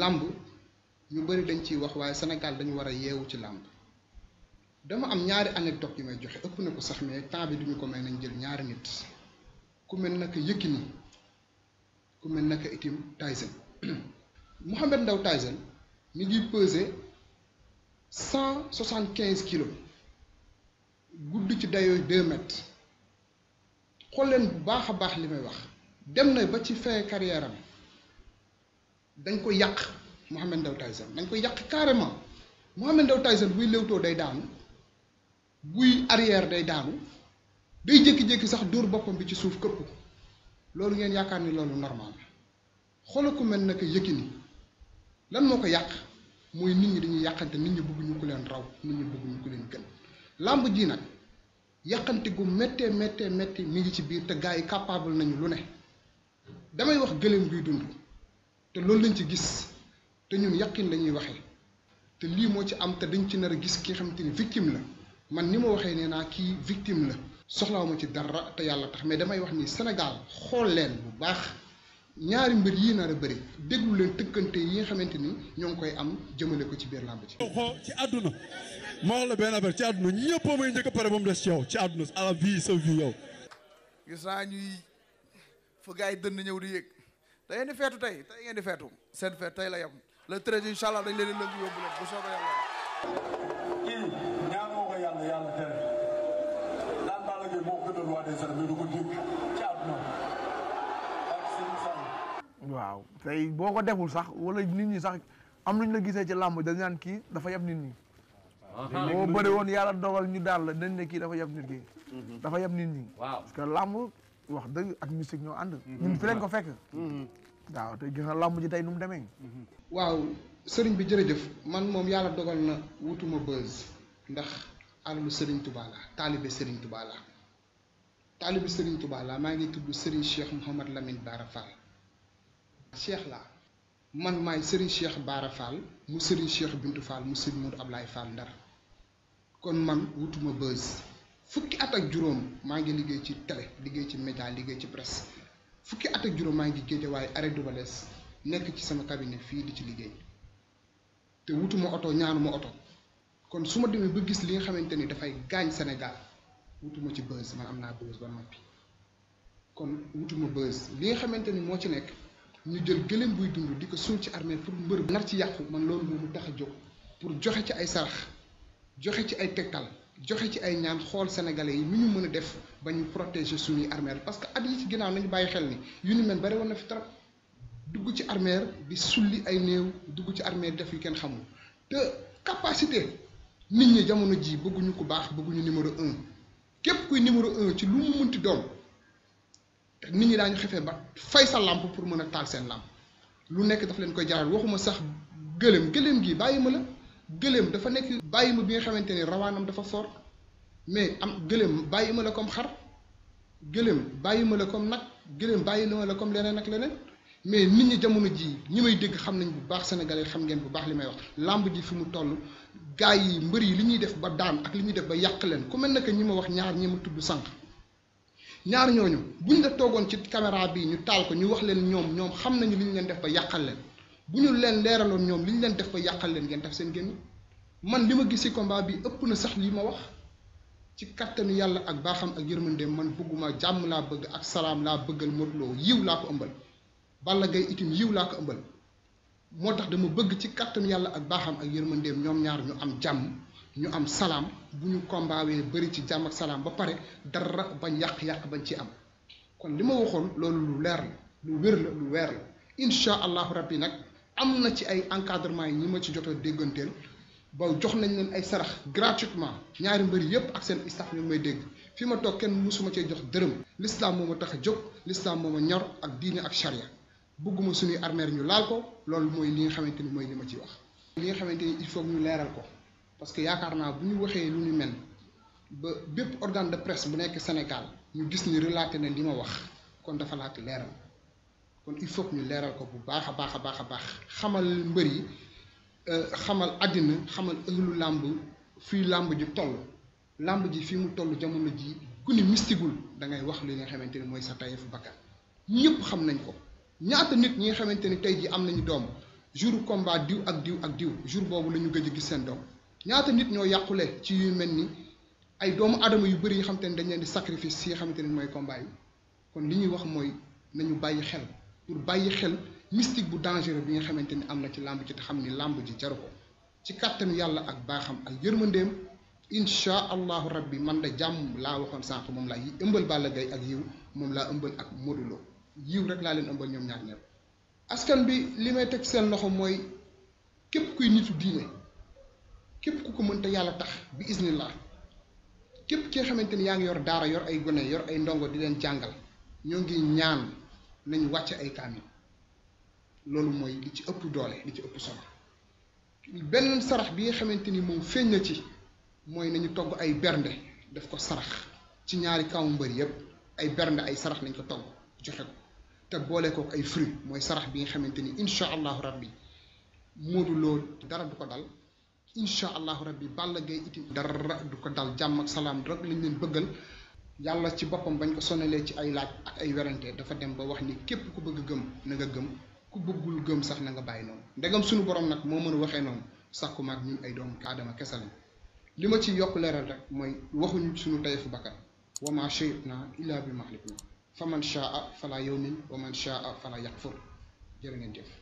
làmb ñu bëri dañ ciy wax waaye Sénégal dañu war a yeewu ci làmb dama am ñaari anecdote yi may joxe ëpp na ko sax mais temps bi duñu ko may nañ jël ñaari nit ku mel naka Yékini ku mel naka itim Tyson Mohamed ndaw Tyson mi ngi peser cent soixante quinze kilos gudd ci dayoo deux mètres xool leen bu baax a baax li may wax dem na ba ci fin carrière am dañ ko yàq Mohamed Ndao Tyson dañ ko yàq carrément Mohamed Ndao Tyson buy léwtoo day daanu buy arrière day daanu day jékki-jékki sax dóor boppam bi ci suuf këpp loolu ngeen yaakaar ni loolu normal xoolal ku mel ne que Yékini lan moo ko yàq mooy nit ñi dañuy yàqante nit ñi bëgg ñu ko leen raw nit ñi bëgg ñu ko leen gën làmb ji nag yàqante gu méttee méttee métti mi ngi ci biir te gars yi capable nañu lu ne damay wax gëléem guy dund te loolu lañ ci gis te ñun yàqin la ñuy waxee te lii moo ci am te dañ ci nar a gis ki xamante ni victime la man ni ma waxee nee naa kii victime la soxlawuma ci dara te yàlla tax mais damay wax nii Sénégal xool leen bu baax ñaari mbir yii nar a bëri déglu leen tëkkante yi nga xamante ni ñoo ngi koy am jëmale ko ci biir làmb ci ci àdduna ma wax la benn affaire ci àdduna ñëpp mooy njëkk a pare ba mu des ci yow ci àdduna à la vie sa vie yow. gis naa yi dënn ñëw di yëg. da ngeen di feetu tey tey ngeen di feetu seen feet tey la yem le treize incha allah dañ leen di nangu yóbbu leen bu soobee yàlla. kii ñaanoo ko waaw boo ko deful sax wala nit ñi sax am nañ la gisee ci làmb dañ naan kii dafa yab nit ñi. boo woon yàlla dogal ñu daal la kii dafa yab nit ñi. Mhm. dafa yab nit ñi. waaw parce wax dëgg ak musique ñoo ànd. Mhm. ñun fi ko fekk. Mhm. waaw te gis na làmb tey nu demee. Mhm. waaw sëriñ bi jërëjëf man moom yàlla dogal na wutuma buzz ndax alalu sëriñ Touba la taalibe sëriñ Touba la taalibe sëriñ Touba la maa ngi tudd sëriñ Cheikh Mouhamad Lamine Bara Fall Cheikh la man maay sëriñ Cheikh Bara Fall mu sëriñ Cheikh Bintu Fall mu sëriñ Modou Ablaye Fall Ndar kon man wutuma buzz. fukki at ak juróom maa ngi liggéey ci télé liggéey ci média liggéey ci presse fukki at ak juróom maa ngi géej waaye arrêt du balees nekk ci sama cabinet fii di ci liggéey te wutuma oto ñaanuma oto kon su ma demee ba gis li nga xamante ni dafay gaañ Sénégal wutuma ci buzz man am naa buzz ba noppi kon wutuma buzz li nga xamante ni moo ci nekk ñu jël gëléem buy dund di ko suul ci armée pour mbër nar ci yàqu man loolu moo mu tax a jóg pour joxe ci ay sarax joxe ci ay tegtal joxe ci ay ñaan xool sénégalais yi nu ñu mën a def ba ñu protéger suñuy armeel parce que at yi ci ginnaaw nañu bàyyi xel ni yu ni mel bari woon na fi trop dugg ci armeel bi sulli ay néew dugg ci armeel def yu kenn xamul te capacité nit ñi jamono ji bëgguñu ko baax bëgguñu numéro 1 képp kuy numéro 1 ci lu mu mënti doon nit ñi daañu xefee ba fay sa lampe pour mën a taal seen lampe lu nekk daf leen koy jaaral waxuma sax gëlëm gëlëm gi bàyyi ma la gëléem dafa nekk bàyyi ma bi nga xamante ni rawaanam dafa soor mais am gëléem bàyyi ma la comme xar gëléem bàyyi ma la comme nag gëléem bàyyi ma la comme leneen ak leneen mais nit ñi jamono ji ñi may dégg xam nañ bu baax sénégalais xam ngeen bu baax li may wax làmb ji fi mu toll gaay yi mbër yi li ñuy def ba daan ak li ñuy def ba yàq leen ku mel ne que ñi ma wax ñaar ñi ma tudd sànq ñaar ñooñu bu buñ la toogoon ci caméra bi ñu taal ko ñu wax leen ñoom ñoom xam nañu li ñu leen def ba yàqal leen bu ñu leen leeraloon ñoom li ñu leen def ba yàqal leen ngeen def seen génn man li ma gis ci combat bi ëpp na sax li ma wax ci kattanu yàlla ak baaxam ak yërmandeem man bëgguma jàmm laa bëgg ak salaam laa bëggal Modou Lo yiw laa ko ëmbal Balla Gaye itim yiw laa ko ëmbal moo tax dama bëgg ci kattanu yàlla ak baaxam ak yërmandeem ñoom ñaar ñu am jàmm ñu am salaam bu ñu kombaawee bëri ci jàmm ak salaam ba pare dara bañ yàq-yàq bañ ci am kon li ma waxoon loolu lu leer la lu wér la lu weer la incha allahu rabbi nag am na ci ay encadrement yi ñi ma ci jot a dégganteel ba jox nañ leen ay sarax gratuitement ñaari mbër yëpp ak seen staff ñu may dégg fi ma toog kenn mësuma cee jox dërëm l'islam moo ma tax a jóg l'islam moo ma ñor ak diine ak charia bëgguma suñuy armeer ñu laal ko loolu mooy li nga xamante ni mooy li ma ci wax. li nga xamante ni il faut ñu leeral ko parce que yaakaar naa bu ñu waxee lu ñu mel ba bépp organe de presse bu nekk Sénégal ñu gis ni relaté na li ma wax kon dafa laaj leeral. kon il faut ñu leeral ko bu baax a baax a baax a baax xamal mbër yi euh, xamal àddina xamal ëglu làmb fii làmb ji toll làmb ji fii mu toll jamono ji ku ni mistigul da ngay wax li nga xamante ni mooy sa tayefu bakkan ñëpp xam nañ ko ñaata nit ñi nga xamante ni tey jii am nañu doom jour combat diw ak diw ak diw jour boobu la ñu gëj a gis seen doom ñaata nit ñoo yàqule ci yu mel ni ay doomu aadama yu bari yi xamante ni dañ leen di sacrifice si nga xamante ni mooy combat yi kon li ñuy wax mooy nañu bàyyi xel pour bàyyi xel mystique bu dangereux bi nga xamante ni am na ci làmb ji te xam ni làmb ji jaru ko ci kàttanu yàlla ak baaxam ak yërmandeem incha allahu rabbi man de jàmm laa waxoon sànq moom laa yi ëmbal Balla Gaye ak yiw moom laa ëmbal ak Modou Lo yiw rek laa leen ëmbal ñoom ñaar ñëpp askan bi li may teg seen loxo mooy képp kuy nitu diine képp ku ko mënta yàlla tax bi isnillah képp ki nga xamante ni yaa ngi yor daara yor ay gone yor ay ndongo di leen jàngal ñoo nañu wacc ay kami, lolu moy li ci ëpp doole li ci ëpp solo benn sarax bi nga xamanteni ni feñna ci moy nañu togg ay bernde def ko sarax ci ñaari kaw mbeur ay bernde ay sarax nañ ko togg joxe ko te boole ko ay fruit moy sarax bi nga xamanteni ni allah rabbi modu lo dara du ko dal insha allah rabbi balla gay itim dara du ko dal jam ak salam rek lañ leen bëggal yàlla ci boppam bañ ko sonalee ci ay laaj ak ay werante dafa dem ba wax ni képp ku bëgg gëm na nga gëm ku bëggul gëm sax na nga bàyyi noonu ndegam suñu borom nag moo mën a waxee noonu sàkku maag ñun ay doomu kaadama kese lañ li ma ci yokk leeral rek mooy waxuñu suñu tayefu bakkan wa ma shay'na illa bi maxliqna fa man shaa fala yow wa man shaa fala yakfur jërë ngeen jëf